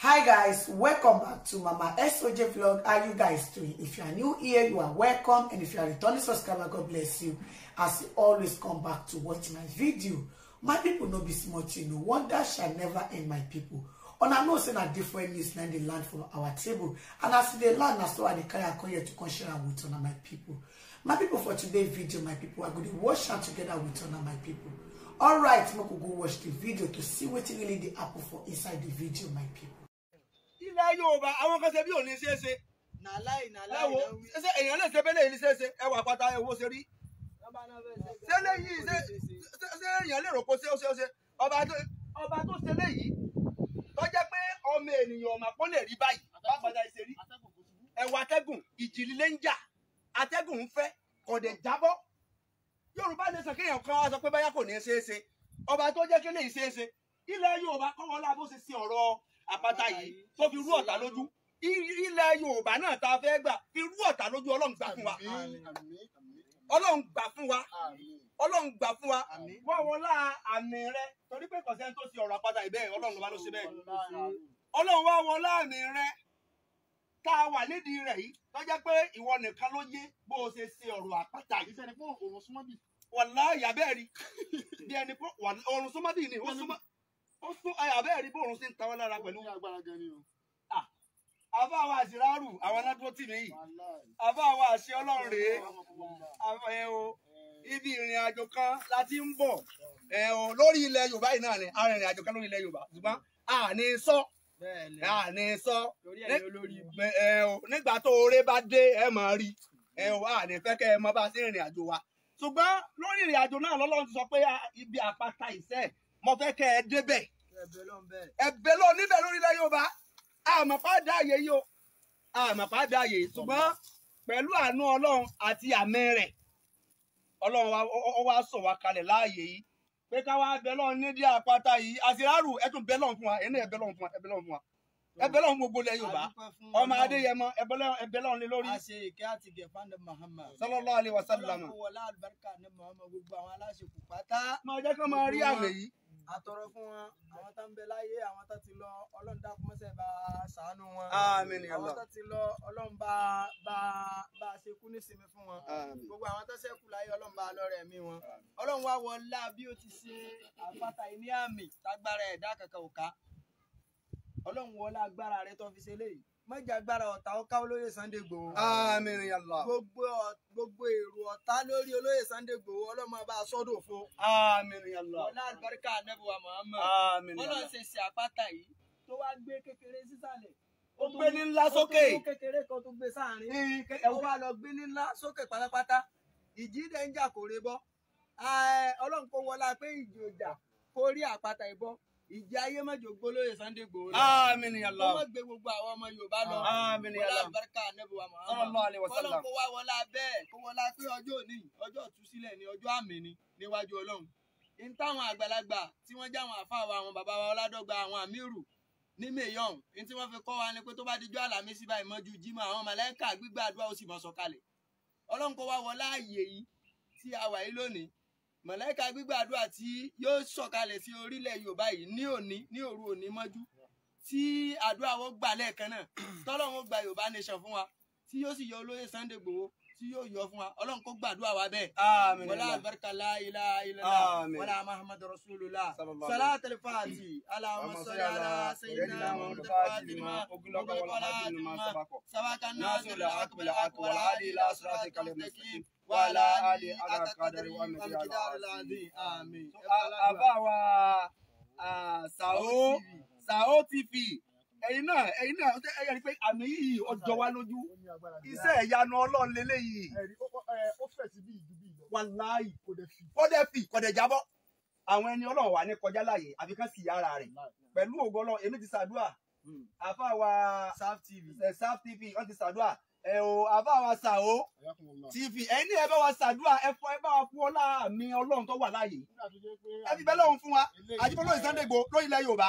hi guys welcome back to mama soj vlog how you guys doing if you are new here you are welcome and if you are returning subscriber god bless you as you always come back to watch my video my people no be small thing no wonder shall never end my people and i know say a different news na the land for our table and as e dey land so i dey carry am come here to come share am with una my people my people for today's video my people i go dey watch am together with one of my people alright make we go watch the video to see wetin really the apple for inside the video my people nílẹ̀ Yorùbá àwọn kan ṣe bí òní ṣe é ṣe. nàláì nàláì náà wí. èèyàn lè ṣe bẹ́lẹ̀ yìí ṣe é ṣe ẹwà pátá ṣe rí. ṣé léyìí èèyàn lè rò ṣe ṣe ọba tó ṣe léyìí tó jẹ́ pé ọmọ ènìyàn ọ̀mà kó lè rí báyìí bápadà ṣe rí. atẹ́gùn ń jà atẹ́gùn ń fẹ́ kọ̀dẹ̀ jábọ́ Yorùbá kéèyàn kan wá sọ pé báyà kò ní ọba tó jẹ́ kéèyàn ṣe àpáta yìí tó fi rú ọ̀tá lójú ilẹ̀ Yorùbá náà tá a fẹ́ gbà fi rú ọ̀tá lójú Ọlọ́run gbà fún wa Ọlọ́run gbà fún wa Ọlọ́run gbà fún wa wọ́n wọlá àmì rẹ torí pé kọ̀sẹ́ tó ti ọ̀rọ̀ àpáta ìbẹ́ẹ̀ Ọlọ́run ló bá ló ṣe bẹ́ẹ̀ Ọlọ́run wá wọlá àmì rẹ tá a wà nídìí rẹ̀ yìí tó jẹ́ pé ìwọ nìkan ló yé bó o ṣe ṣe ọ̀rọ̀ àpáta yìí. ìṣẹ̀lẹ̀ fún òrùn súnmọ́ wàlá ìyá bí ẹni pé òrùn súnmọ́ ni ó súnmọ́ ó sún àbẹ́ rí bóòrùn sí ń tawọ́ lára pẹ̀lú. àbá ah, àwọn àṣírárù àwọn aládùúgbò tì mí àbá àwọn àṣẹ ọlọ́run rèé ẹ o eh. ibi ìrìn àjò kan la ti ń bọ̀ ẹ o lórí ilẹ̀ yorùbá yìí náà ni a rìnrìn àjò kan lórí ilẹ̀ yorùbá ṣùgbọ́n a ní sọ a ní sọ nígbà tó oore bá dé ẹ máa rí ẹ o a ní fẹ́ kẹ́ ẹ mọ bá sí ìrìn àjò wa ṣùgbọ́n lórí ìrìn àjò náà lọ́lọ́run ti sọ pé ibi àpáta ìṣẹ́ mo fẹ́ kẹ́ ẹ débẹ̀ ẹ̀bẹ̀ lọ níbẹ̀ lórílẹ̀ Yorùbá àmọ̀páàdà àyè yìí o àmọ̀páàdà àyè ṣùgbọ́n pẹ̀lú àánú Ọlọ́run àti àmì rẹ̀ Ọlọ́run ó wá sọ̀ wá kalẹ̀ láàyè yìí pé ká wá bẹ̀ lọ́n nídìí àpáta yìí àṣírárù ẹ tún bẹ̀ lọ́n fún wa ẹ náà ẹ bẹ̀ lọ́n fún wa ẹ bẹ̀ lọ́n fún wa ẹbẹ lọhùn gbogbo ilẹ̀ Yorùbá ọmọ Adéyẹmọ ẹbẹ lọhùn lé lórí. a ṣe ìkẹ́ àti gẹ̀fà ní Muhammad. sallallahu alaihi wasallam. ọlọ́run wọlé àlùbáríkà ní Muhammad gbogbo àwọn aláṣẹ kù pátá. máa jẹ́ kí wọ́n máa rí àmì yìí àtọrọ fún wọn àwọn tó bẹ láyé àwọn tó ti lọ ọlọ́run dákun mọ́sẹ̀ bá ṣàánú wọn àwọn tó ti lọ ọlọ́run bá bá bá ṣe kú nísinmi fún wọn gbogbo àwọn tó ṣẹ́kù láyé ọlọ́run bá lọ́rọ̀ ẹ̀mí wọn ọlọ́run wá wọlá bí ó ti ṣe àpáta ìní àmì tágbára ẹ̀dá kankan ò ọlọ́run wọlá agbára rẹ tó fi ṣe léyìí mọ́jàgbára ọ̀tá ó káwọ́ lórí Sunday Igboho. àmín Allah. gbogbo gbogbo èrò ọ̀tá lórí olóyè Sunday Igboho ọlọ́mọ bá a sọ́dọ̀ fo. àmín Allah. ọlá àlùbáríkà anábìwá Muhammad. àmín Allah. bọ́lá ṣe ṣe àpáta yìí tó wá gbé kékeré sísàlẹ̀ ó gbé ní ńlá sókè. ó kékeré kan tó gbé sáàrin. ó wá lọ gbé ní ńlá sókè pátápátá ìjì dẹ̀ ń jà kò rebọ́ ọlọ́run kò wọlá pé ìjì òjà ìjà ayé mẹ́jọ gbólóye Sunday Igboho lọ. àmín ya Allah. kọ́mọ gbé gbogbo àwọn ọmọ Yorùbá lọ. àmín ya Allah. kọ́lá barika anabi wa Muhammad. kọ́lọ́ kó wá wọlá bẹ́ẹ̀ kó wọlá pé ọjọ́ òní ọjọ́ ìtúsílẹ̀ ni ọjọ́ àmì ni níwájú Ọlọ́run. n táwọn àgbàlagbà tí wọ́n já àwọn àfáà wa àwọn bàbá wa Ọládọ́gba àwọn àmírù ní mayon n tí wọ́n fi kọ́ wa ni pé tó bá dijọ́ àlàmísì báyìí mọ́jú jímọ̀ àwọn màláíkà gbígbàdúrà ó sì mọ̀ sọ̀kalẹ̀ Ọlọ́run kó wá wọlá àyè yìí tí a wà yìí mọ̀lẹ́ka gbígbàdúrà tí yóò sọ̀kalẹ̀ sí orílẹ̀ yorùbá yìí ní òní ní òru òní mọ́jú tí àdúrà wọn gbà lẹ́ẹ̀kan náà tọ́lọ́run gba yorùbá nation fún wa tí yóò sì yọ olóyè Sunday Igboho tí yóò yọ fún wa ọlọ́run kó gbàdúrà wa bẹ́ẹ̀. àmín wala barika la ilaha illallah muhammadu rasulullah salatul fati allahumma salli ala sayyidina muhammad fatima ogunlọgọ wàlá fatima sabaka nasir akbala akbala ali la sirati kalim mustaqim wàlá ali akadari wa mẹjọ àmín. àbáwa sàó sàó tv ẹ̀yin náà ẹ̀yin náà ẹ̀yin rí pé àmì yìí ọjọ́ wa lójú iṣẹ́ ìyanu Ọlọ́run lélẹ́yìí. ó fẹ̀ sí bí ìdú bí ìlọ. wàláì kò dẹ̀ fi. kò dẹ̀ fi kò dẹ̀ jábọ́. àwọn ẹni Ọlọ́run wà ní kọjá láàyè àfi kán sì yára rẹ̀ pẹ̀lú ògo Ọlọ́run èmi ti ṣàdúrà hmm. àfa wa Saf TV Saf TV wọ́n ti ṣàdúrà ẹ o àfa wa Sàó TV ẹ̀yin ní ẹ bá wa ṣàdúrà ẹ fọ ẹ bá wa fún ọlá mi Ọlọ́run tó wà láàyè ẹ fi bẹ́ẹ̀ lọ́run fún wa àjẹbọ́lọ́ ìsàndégbò lórílẹ̀ Yorùbá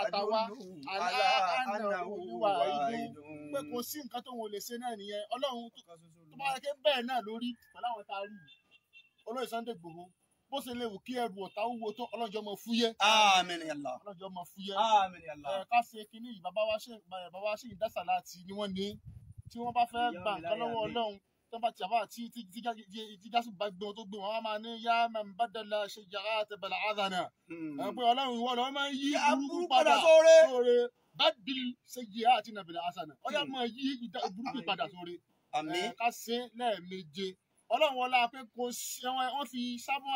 àtàwa aláàánàwó wà ìlú pé kò sí nǹkan tó wọn lè ṣe náà nìyẹn ọlọ́run tó bá rẹ́kẹ́ bẹ́ẹ̀ náà lórí pẹ̀lú àwọn tá a rí olóyè Sunday Igboho bó ṣe lè wù kí ẹrù ọ̀tá wúwo tó ọlọ́jọ́ mọ fúyẹ́. àmín Allah. ọlọ́jọ́ mọ fúyẹ́. àmín Allah. ká ṣe kínní bàbá wa ṣe bàbá wa ṣe ìdásàlá àti ni wọ́n ní tí wọ́n bá fẹ́ gbà nǹkan lọ́wọ́ ọlọ́run tó bá ti àbá tí tí jásù bá gbé wọn tó gbé wọn wọn máa ní yá mẹ́mbàdàlà ṣe yàrá tẹ̀bẹ̀là àdànà. pé ọlọ́run ìwọ lọ́wọ́ máa ń yí burúkú padà sóore bábí ṣe yẹ àti nàbẹ̀là àṣànà ọ̀yà máa yí burúkú padà sóore. ká ṣe lẹ́ẹ̀meje ọlọ́run wọlá pé kò sí wọ́n fi sábà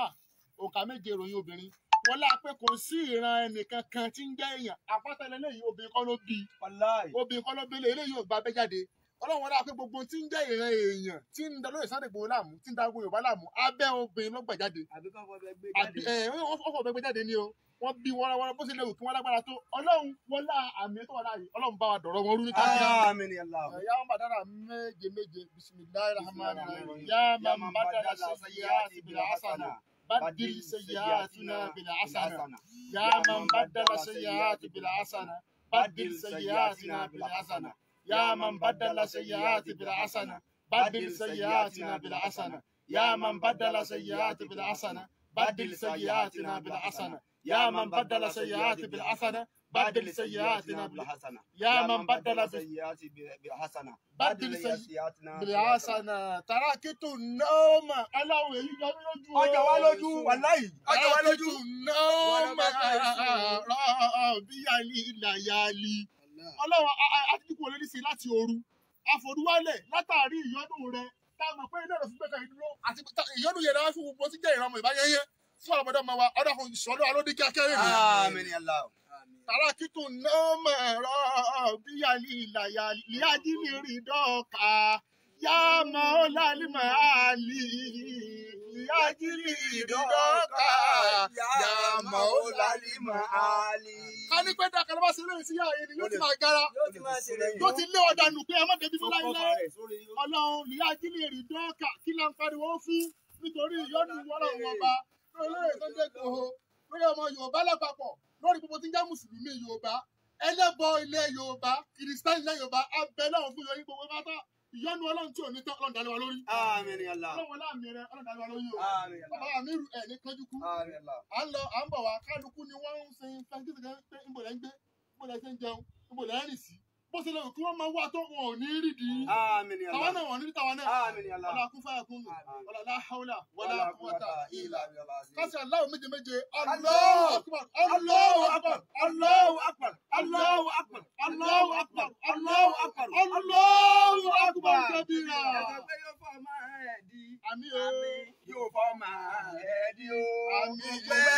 òkà méje ròyìn obìnrin wọ́n lá kò sí ìran ẹnìkan kan tí ń jẹ́ ọlọ́run wọn dáa pé gbogbo tí ń jẹ́ ìran èèyàn tí ń da lóye Sunday Igboho láàmú tí ń da gbogbo Yorùbá láàmú abẹ́ obìnrin ló gbà jáde àbí kọ́ fọ́ gbẹ jáde ni o wọ́n bí wọn wọn bó ṣe léwu kí wọ́n lágbára tó ọlọ́run wọn àmì tó wà láàyè ọlọ́run bá wa dọ̀rọ̀ wọn rú ní káàkiri ya wọn bàdára méje méje bisimilayi rahman ya máa yá ìbìlà asana. بدل سيئاتنا بالحسنة يا يا من بدل سيئات بالحسنة بدل سيئاتنا بالحسنة يا من بدل سيئات بالحسنة بدل سيئاتنا بالحسنة يا من بدل سيئات بالحسنة بدل سيئاتنا بالحسنة يا من بدل سيئات بالحسنة بدل سيئاتنا بالحسنة تركت النوم ألا ويجوا أجوا لجوا والله أجوا لجوا النوم ربي الليالي ọlọ́run àtijọ́ kò lè ní sí láti ooru àforúwálẹ̀ látàrí ìyọ́nú rẹ táwọn ọmọ pé iná rẹ fún bẹ́ẹ̀ kan dúró àti ìyọ́nú yẹn náà fún gbogbo tí jẹ́ ìrànmọ́ ìbáyẹyẹ fún àwọn ọmọdé ọmọ wa ọdọ kan ìṣọlọ alódé kíákẹ́ rẹ̀ tààrà kíkùn náà mọ̀ ẹ̀rọ bíyà ìlàyà ìyá يا مولى ma يا جليدك يا مولى المعالي ká ní pé dákẹ́ ló bá ṣe eléyìí sí yá ẹni yóò ti máa gara yóò ti lé ọ̀dà nù pé ẹ má débi fún láyé ọlọ́run ìyá jílèrè dọ́ọ̀kà kí là ń pariwo fún nítorí ìyọ́nù wọ́rọ̀ wọn bá lórí ètò ìdẹ́gbòho lórí ọmọ yorùbá lápapọ̀ lórí gbogbo tí ń jẹ́ mùsùlùmí yorùbá ẹlẹ́bọ ilẹ̀ yorùbá kìrìsìtánì ilẹ̀ yorùbá abẹ náà fún yọrí gbogbo pátá ìyanu ọlọ́run tí ò ní tán ọlọ́run dalẹ̀ wa lórí. àmín Allah. ọlọ́run wọlé àmì rẹ ọlọ́run dalẹ̀ wa lórí o. àmín Allah. bàbá àmì rù ẹ̀ ní kánjú kú. àmín à ń lọ à ń bọ̀ wá kálukú ni wọ́n ń sin fẹ́ńkì bó ṣe lọ kí wọ́n máa wá tó wọn ò ní rí di. tàwa náà wọ̀n ní tàwa náà ọ̀là kún fáyà kún mi ọ̀là láhàúlà wọlé àkúwọ́tà ìlà. kásì aláwọ̀ méje méje Allahu akbar Allahu akbar Allahu akbar Allahu akbar Allahu akbar Allahu akbar Allahu akbar kẹ́bíra. àmì yóò fọ́ máa ẹ̀ di o. àmì yóò fọ́ máa ẹ̀ di o. àmì yóò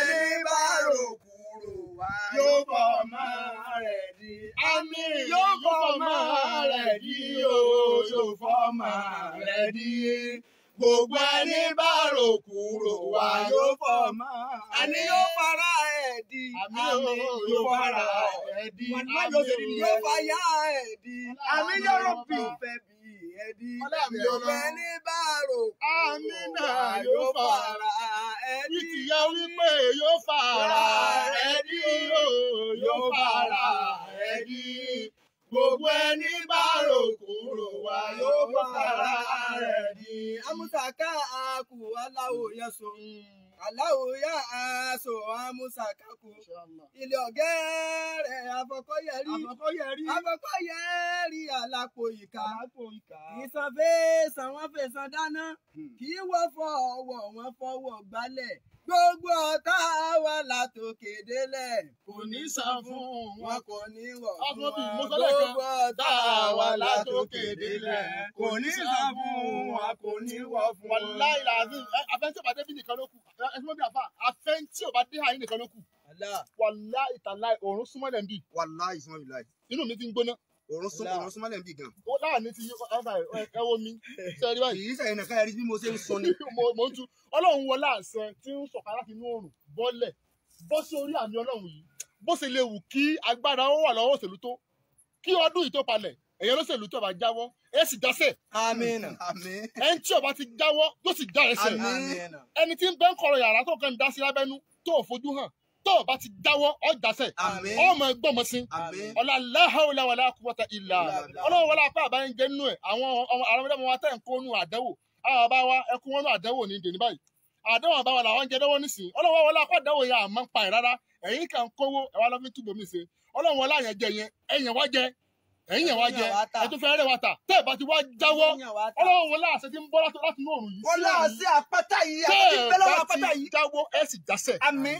mi yóò fọmọ rẹ̀ dí o yóò fọmọ rẹ̀ dí gbogbo ẹni bá rò kúrò wá yóò fọ̀ mọ́. ẹni yóò fara ẹ̀ di. àmì yóò fara ẹ̀ di. wàá yóò ṣe ní yóò fàyà ẹ̀ di. àmì yóò bì fẹ́ bì ẹ̀ di. gbogbo ẹni bá rò kúrò wá yóò fara ẹ̀ di. ìtìyà wípé yóò fara ẹ̀ di. yóò fara ẹ̀ di ẹbí gbogbo ẹni bá rògbòrò wá yóò fara rẹ̀ di. amúsàká àkù aláwo yẹn sọ aláwo yá aṣọ amúsàká kù ilé ọ̀gẹ́ rẹ̀ afọkọ́yẹrí afọkọ́yẹrí alápò ìka ìsanfẹ́sàn wọn fẹ̀sán dáná hmm. kì í wọ́n fọwọ́ wọn fọwọ́ gbálẹ̀ gbogbo ọ̀tá wa látòkè délẹ̀ kò ní san fún wọn kò ní wọ̀ fún wa gbogbo ọ̀tá wa látòkè délẹ̀ kò ní san fún wọn kò ní wọ̀ fún wa. wàláì làbí afẹ́ntì ọba débí nìkan ló kù ẹ̀sùn bí àfà afẹ́ntì ọba dé nìkan ló kù wàláì tàláì òórùn súnmọ́ lẹ́ńbì. wàláì súnmọ́ mi láì. inú mi ti ń gbóná òrùn súnmọ́ òrùn súnmọ́ lẹ́nu bí gan. ó láàánú ti ẹ wo mi sẹ́rí báyìí. kì sẹ́yìn nìkan ẹ̀rí bí mo ṣe ń sọ ni. mo ń tu ọlọ́run wọ láàsán tí ń sọ̀kà láti inú òrùn bọ́lẹ̀ bọ́ sí orí àmì ọlọ́run yìí bó ṣe lè wù kí agbára ó wà lọ́wọ́ òṣèlú tó kí ọdún yìí tó palẹ̀ ẹ̀yẹ lọ́sẹ̀lú tó bá jáwọ́ ẹ sì dáṣẹ̀. àmín tí ó ti jáwọ́ yóò sì já ẹsẹ̀. ẹni tí ń bẹ́ ń kọ̀rọ̀ yàrá tó kàn ń dá sí lábẹ́nú tó fojú hàn tó o bá ti dáwọ́ ọjàsẹ̀ ọmọ ẹgbọ́n mọ̀ sí ọ̀la láhàólà wàlá kúwọ́tà ìlà ọlọ́run wọlé apá àbáyé ń jẹ́ nínú ẹ̀ àwọn àwọn ọmọdé wọn tẹ̀ ń kó nù àdánwò àwọn bá wa ẹkún wọn nù àdánwò ní ìdè ní báyìí àdánwò àbáwọ̀ làwọn ń jẹ dánwò nísìnyí ọlọ́run wọlé apá àdánwò yẹn àmọ́ ń pa ẹ̀ rárá ẹ̀yin kàn kówó ẹ̀ wá lọ́ fi túbọ̀ mí ṣe ọlọ́run wọlé àyàn jẹ yẹn ẹ̀yàn wá jẹ ẹ̀yin yẹn wá jẹ ẹ̀tún fẹ́rẹ́ wa ta tẹ́ ẹ̀ bá ti wá jáwọ́ ọlọ́run wọlé àṣẹ ti ń bọ́ láti inú òrùn yìí. wọlé àṣẹ àpáta yìí àti bẹ́lẹ́ wọn àpáta yìí. tẹ́ ẹ̀ bá ti jáwọ́ ẹ̀ sì jáṣẹ̀. àmín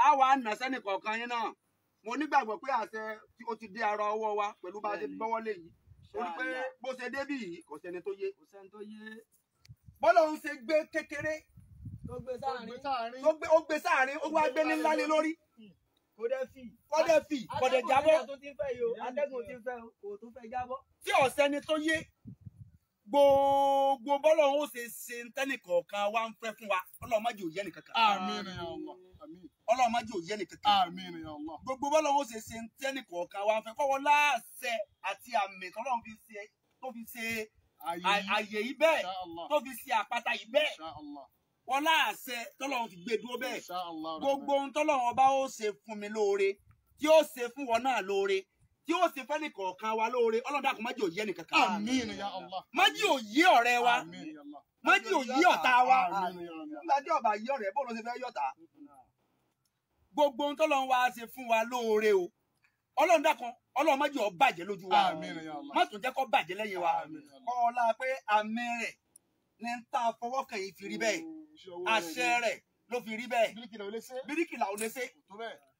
á wà á nà sẹ́nì kọ̀ọ̀kan yín náà mo nígbàgbọ́ pé àṣẹ tí ó ti dé ara ọwọ́ wa pẹ̀lú bá a ṣe gbọ́wọ́ lé yìí torí pé bó ṣe débì yìí kò sẹ́ni tó yé bọ́lá òun ṣe gbé kékeré tó gbé sáàrin ó wá gbé ní lé lórí hmm. kọ́dẹ̀ fì kọ́dẹ̀ jábọ́ tí ọ̀sẹ́ni tó yé gbogbo bọ́lọ̀ ó ṣe ṣe tẹ́nìkọ̀ọ̀kan wa ń fẹ́ fún wa ọlọ́run má jẹ́ òye nìkankan. àmín ya Allah. ọlọ́run má jẹ́ òye nìkankan. àmín ya Allah. gbogbo bọ́lọ̀ ó ṣe ṣe tẹ́nìkọ̀ọ̀kan wa ń fẹ́ kọ́wọ́ láàṣẹ àti àmì tọ́lọ́run fi ṣe tó fi ṣe àyè yìí bẹ́ẹ̀ tó fi ṣe àpáta yìí bẹ́ẹ̀ wọ́n láàṣẹ tọ́lọ́run fi gbé dúró bẹ́ẹ̀ gbogbo ohun tọ́lọ́run ọba ó ṣe fún mi lóore tí ó ṣe fún wọn náà lóore tí ó sì fẹ́ni kọ̀ọ̀kan wa lóore ọlọ́dà kò má òye nìkan kan. àmín ya Allah. òye ọ̀rẹ́ wa má òye ọ̀tá wa nígbà ọba yí ọ̀rẹ́ gbogbo ohun ṣe fún wa lóore o ọlọ́dà kan ọlọ́run bàjẹ́ lójú wa má tún jẹ́ kó bàjẹ́ lẹ́yìn wa pé àmì rẹ̀ ní ta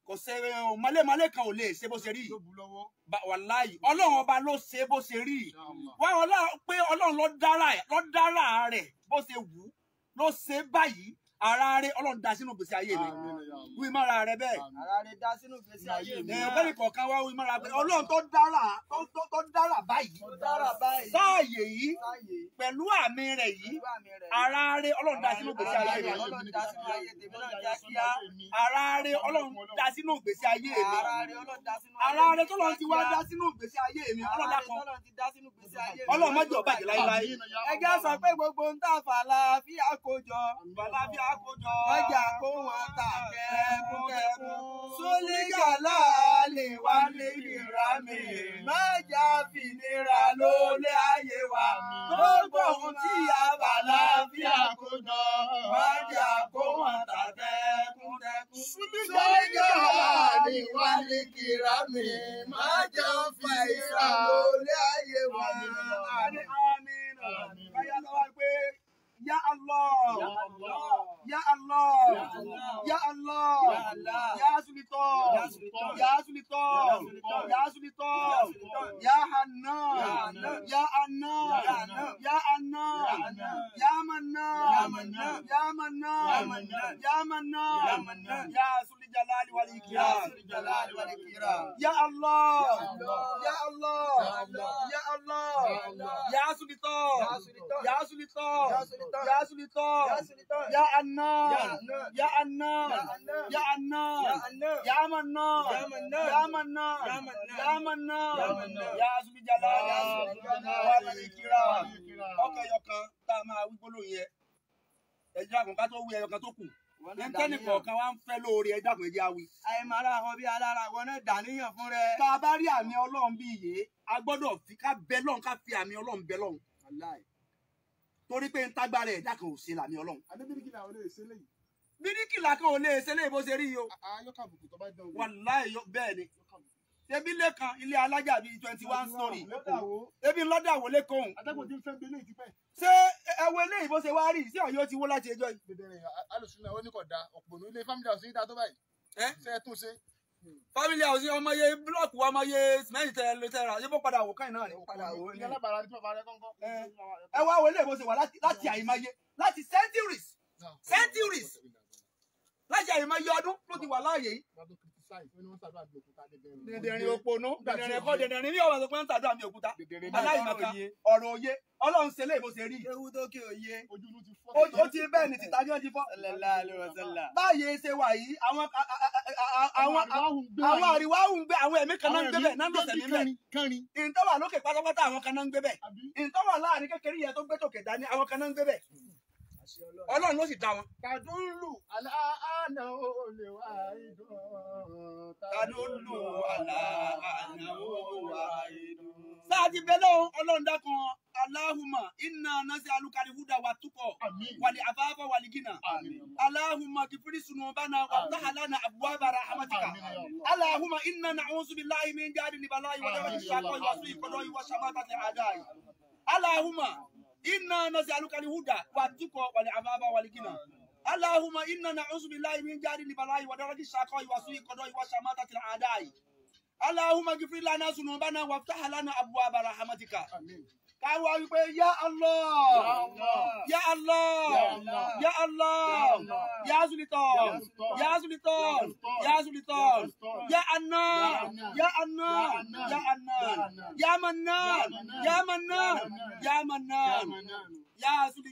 kò ṣe eh, mọ́lẹ́mọ́lẹ́ kan ò lè ṣe bó ṣe rí wàláyì ọlọ́run ọba ló ṣe bó ṣe rí wá pé ọlọ́run ló dára rẹ̀ bó ṣe wù ú ló ṣe báyìí ara rẹ ọlọ́run da sínú gbèsè ayé mi wí mára rẹ bẹ́ẹ̀. ara rẹ da sínú gbèsè ayé mi. ẹ̀yọ́ bẹ́ẹ̀ kọ̀ọ̀kan wá wí mára bẹ́ẹ̀ ọlọ́run tó dára tó dára báyìí sáàyè yìí pẹ̀lú àmì rẹ yìí ara rẹ ọlọ́run da sínú gbèsè ayé mi. ara rẹ ọlọ́run da sínú gbèsè ayé mi. ara rẹ tó lọ́n ti wá da sínú gbèsè ayé mi ọlọ́run dákan ọlọ́run mọ́jọ́ bàjẹ́ láyé láyé. ẹgbẹ́ sọ pé gbogbo ń tà fàlàáfíà kó kójọ. Mọ́jà kó wọn tà kẹ́kúnkẹ́kún. Súlígà láàlè wá níbi ìrámì. Mọ́jà fìlera lólé ayé wa. Gbogbo ohun tí a bà láfíà kójọ. Mọ́jà kó wọn tà kẹ́kúnkẹ́kún. Súlígà láàlè wá níbi ìrámì. Mọ́jà fìlera lólé ayé wa. Àmín àmín. Báyọ̀ Allah. Yá Allah. Ya Allah, Ya Allah, Ya Sultan, Ya Sultan, Ya Sultan, Ya Hanan, Ya Anan, Ya منان يا منان يا منان يا منان يا ذو الجلال والإكرام يا الله يا الله يا الله يا سلطان يا سلطان يا سلطان يا النار يا النار يا النار يا منان يا منان يا منان يا ذو الجلال والإكرام ọkọ̀ tá a máa wí gbólóhùn yẹn ẹ dákun ká tó wí ẹyọ tó kù lẹ́ńtẹ́nì kọ̀ọ̀kan wá ń fẹ́ lóore ẹ dákun ẹ jẹ́ àìmọ̀ ara wọn bí alára wọn náà dàníyàn fún rẹ. tá a bá rí àmì ọlọ́run bí iye a gbọ́dọ̀ fi ká bẹ lọ́run ká fi àmì ọlọ́run bẹ lọ́run. torí pé ń tágbára ẹ̀dá kan ò ṣe làmì ọlọ́run. adébíríkìlà ò lè ṣe léyìí. bíríkìlà kan ò lè ṣe léyìí bó tẹbí lẹ́kan ilé alájà bíi twenty one story tẹbí lọ́dà wọlé kọ́hún. atẹ́kùn ti ń fẹ́ gbélé ìtìpẹ́. ṣé ẹwọ eléyìí bó ṣe wá rí sí ọ̀yọ́ ti wó láti ẹjọ́ yìí. bẹ̀rẹ̀ alùsùn náà ó ní kò dáa òpònú ilé family house yìí dá tó báyìí. ẹ ṣe é tún ṣe. family house yìí ọmọ yẹ búlọ̀kù ọmọ yẹ sìmẹ́ǹtì tẹ ló tẹ́ra yóò padà wò káyìn náà rẹ̀ padà wò ní. ẹ wá wọlé bó ṣe wà láti àyèmáyé láti centuries centuries láti àyèmáyé ọdún ló ti wà ṣáì wọ́n ní wọ́n ọlọ́run ṣe léèbó rí. ewu tó kí òye ó ti bẹ́ẹ̀ ni títa yóò ti fọ́. báyìí ṣe wà yìí àwọn àríwá ń gbé àwọn ẹ̀mí kan ń gbé bẹ̀ náà ń nílẹ̀. ìntọ́wà lókè pátápátá àwọn kan ń gbé bẹ̀. ìntọ́wà láàrin kékeré yẹn tó gbé tòkè dání àwọn kan ń gbé bẹ̀ ọlọ́run ló sì dá wọn. tàdúlù aláàánà olè wá ìdùn. tàdúlù aláàánà olè wá ìdùn. sáàtì bẹ́lẹ̀ ọlọ́run dákan aláhùmá iná nasi alukari huda wa tukọ wàlí afáfá wàlí gínà aláhùmá kìfìrí sunu bana wà tahalana abuwabara amatika aláhùmá iná nàcúnsu bí láyé mi ń jáde níbalá yìí wàlẹ́ wàlẹ́ sàkó yìí wàsú ìkọdọ̀ yìí wàsàmátà tẹ̀ àdáyé aláhùmá inna nasaluka alhuda watuqa wal afaba wal ghina allahumma inna na'udhu billahi min jari balai wa daraki shaqai wa su'i qadai wa shamatati al'adai allahumma ghfir lana dhunubana waftah lana abwaaba rahmatika amin ká wípé yá Allah yá Allah yá Allah yá Sultan yá Sultan yá Sultan yá Annan yá Annan yá Annan yá Mannan yá Mannan yá Mannan. يا ذو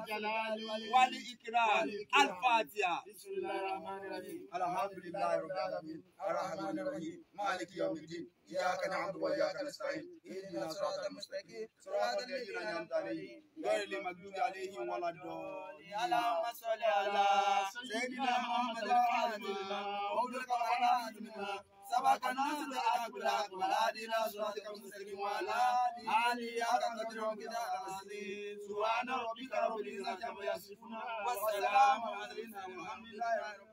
الجلال والإكرام الفاتحة بسم الله الرحمن الرحيم الحمد لله رب العالمين الرحمن الرحيم مالك يوم الدين إياك نعبد وإياك نستعين اهدنا صراط المستقيم صراط الذين أنعمت عليهم غير المغضوب عليهم ولا الضالين اللهم صل على سيدنا محمد وعلى آله وصحبه وسلم سبق الناس الأخلاق ولادنا صراطك المستقيم وعلى آله حق قدرهم كتاب العزيز سبحان ربك رب العزة عما يصفون والسلام على المرسلين والحمد لله رب العالمين.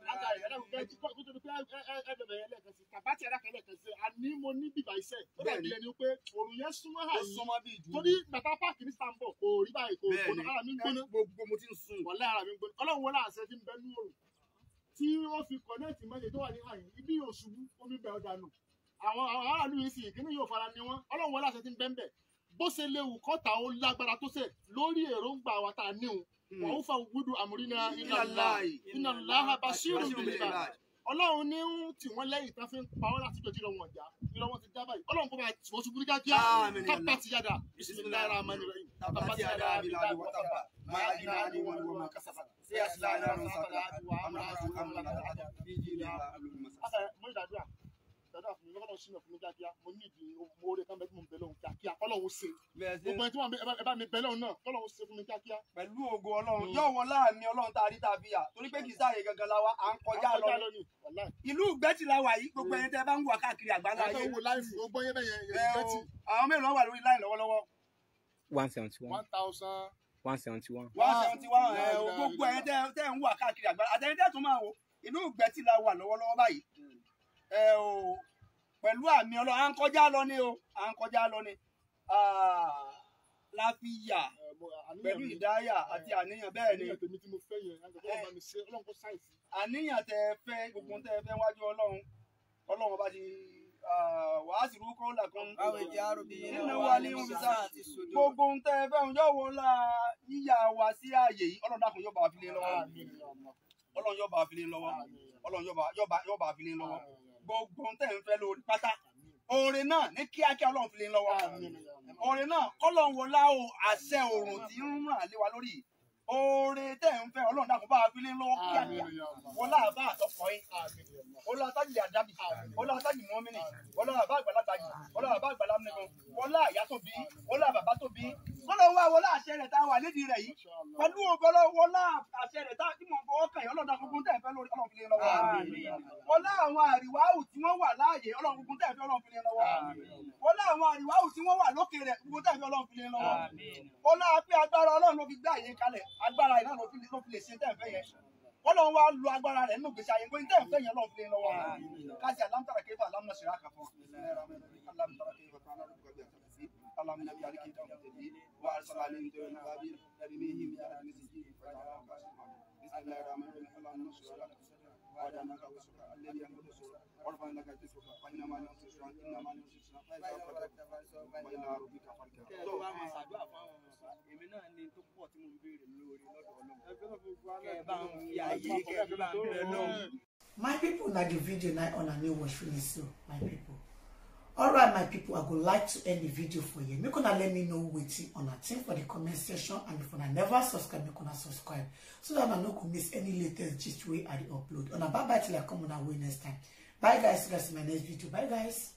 Àní mo ní bíbá iṣẹ́. Ó dàbí ẹni pé òrùn yẹn súnmọ́ àyè. Ó súnmọ́ bí ìdúró. Torí bàtà páàkì ní Istanbul kò rí báyìí kò gbóná. Ara mi ń gbóná. Gbogbo mo ti ń sun. Wọ́n lé ara mi ń gbóná. Ọlọ́run wọlé àṣẹ fi ń bẹ́ nú òrùn tí ó fi kọ̀nẹ́ẹ̀tì mẹ́lẹ̀ tó wà ní àyè ibi yóò ṣubú omi bẹ̀ ọ̀dà nù àwọn aráàlú yìí sì ìkíní yóò fara ni wọn ọlọ́run wọn láṣẹ ti ń bẹ́ńbẹ́ bó ṣe léwu kọ́ta ó lágbára tó ṣe lórí èròǹgbà wa tá a níhun wọ́n ó fa gbúdú àmúrínà iná láàyè iná láha bá ṣírù nígbà ọlọ́run ní ń tì wọ́n lẹ́yìn tán fi ń pa ọ́ láti jọjú lọ́wọ́ ọ̀já ìlọ́wọ́ ti dá báyìí ọlọ́run kó máa tì wọ́n ṣubú dídájá tábà ti yàdà bismillahir rahmanir rahim tábà ti yàdà abilà àdìwọ́tàbà máa yí náà àdìwọ́n ni wọ́n máa kásáfàdà pẹ̀lú ògo ọlọ́run yóò wọ láàmì ọlọ́run tá a rí tàbí à torí pé kì í sáàyè gangan la wa à ń kọjá lọ ìlú ìgbẹ́tì la wà yìí gbogbo ẹni tẹ́ bá ń wà káàkiri àgbáńlá yìí. àwọn mélòó wà lórí láì lọ́wọ́lọ́wọ́. one seventy one. one thousand one seventy one. one seventy one ẹ eh, o gbogbo ẹ tẹ tẹ ń wà káàkiri àgbà àtẹnudẹ tó máa wo inú ìgbẹ́tì la wà lọ́wọ́lọ́wọ́ báyìí ẹ o pẹ̀lú àmì ọlọ́run à ń kọjá lọ ni o à ń kọjá lọ ni láfíyà pẹ̀lú ìdáyà àti àníyàn bẹ́ẹ̀ ni àníyàn tẹ fẹ́ gbogbo tẹ fẹ́ wájú ọlọ́run ọlọ́run bá ti wàásìrú kọ́ńdà kan. àwọn ìjà arúgbó yìí náà wà ní ìwúsà àti sòdò. gbogbo ń tẹ fẹ́ òun yóò wọ́n la yíyá wa sí ààyè yìí ọlọ́dà yóò bá fi lé e lọ́wọ́ ọlọ́run yóò bá fi lé e lọ́wọ́ ọlọ́run yóò bá fi lé e lọ́wọ́ gbogbo ń tẹ̀ ń fẹ́ lórí pátá oore náà ní kíákíá ọlọ́run fi lọ́wọ́ oore náà kọ́lọ́run wọlá o àṣẹ òòrùn tí ń ràn lé lórí yìí oore tẹ̀ ń fẹ́ ọlọ́run dàkún bá abílé lọ́wọ́ kíákíá wọlá àbá àtọkọ yín wọlá àtàjì àdábì wọlá àtàjì mọ́mìnì wọlá àbá àgbàlagbà yìí wọlá àbá àgbàlagbà wọlá àyà tó bí wọlá bàbá tó bí wọ́n lọ wá wọlé àṣẹ rẹ̀ tá a wà lédi rẹ̀ yìí pẹ̀lú ọ̀bọ̀lọ̀ wọlé àṣẹ rẹ̀ tá a ti mọ̀ fọwọ́ kàn yín ọlọ́dà gbogbo tẹ̀ fẹ́ lórí ọlọ́run fi lé e lọ́wọ́ wọlé àwọn àríwá àwù tí wọ́n wà láàyè ọlọ́run gbogbo tẹ̀ fẹ́ ọlọ́run fi lé e lọ́wọ́ wọlé àwọn àríwá àwù tí wọ́n wà lókè rẹ̀ gbogbo tẹ̀ fẹ́ ọlọ́run fi lé e lọ́wọ́ wọlé apẹ́ agbára ọlọ́run fi gbá àyè kalẹ̀ agbára ọlọ́run wa lu agbára rẹ̀ nínú gbèsè àyẹ̀wò ní tẹ̀ yẹn lọ́ọ́ fi lé lọ́wọ́ kájí alámútàrà kéfà kàfọ́ اللهم نبي عليك كتاب التدين وارسل عليهم طير نبابيل ترميهم بجعل مسجين فجعلهم كاشفين بسم الله الرحمن الرحيم اللهم نصر لك سرا وادعناك وسرا الذي ينقض سرا وارفع لك تسرا وانما لا تسرا انما لا تسرا فاذا فرجت فانصر والى ربك فاركع. kẹ́ ẹ wá máa ṣàdúrà fáwọn ọmọ èmi náà ní tó pọ̀ tí mo ń béèrè lórí lọ́dọ̀ Ọlọ́run kẹ́ ẹ bá ń fi àyè kẹ́ ẹ bá ń bẹ̀rẹ̀ lọ́hùn. my people na the video na una new watch finish so my people alright my people, i would like to end the video for you make gonna let me know wetin on a thing for the comment section and if una never subscribe make gonna subscribe so that I no go miss any latest gist way i the upload una bye bye till i come on una way next time bye guys see you guys in my next video bye guys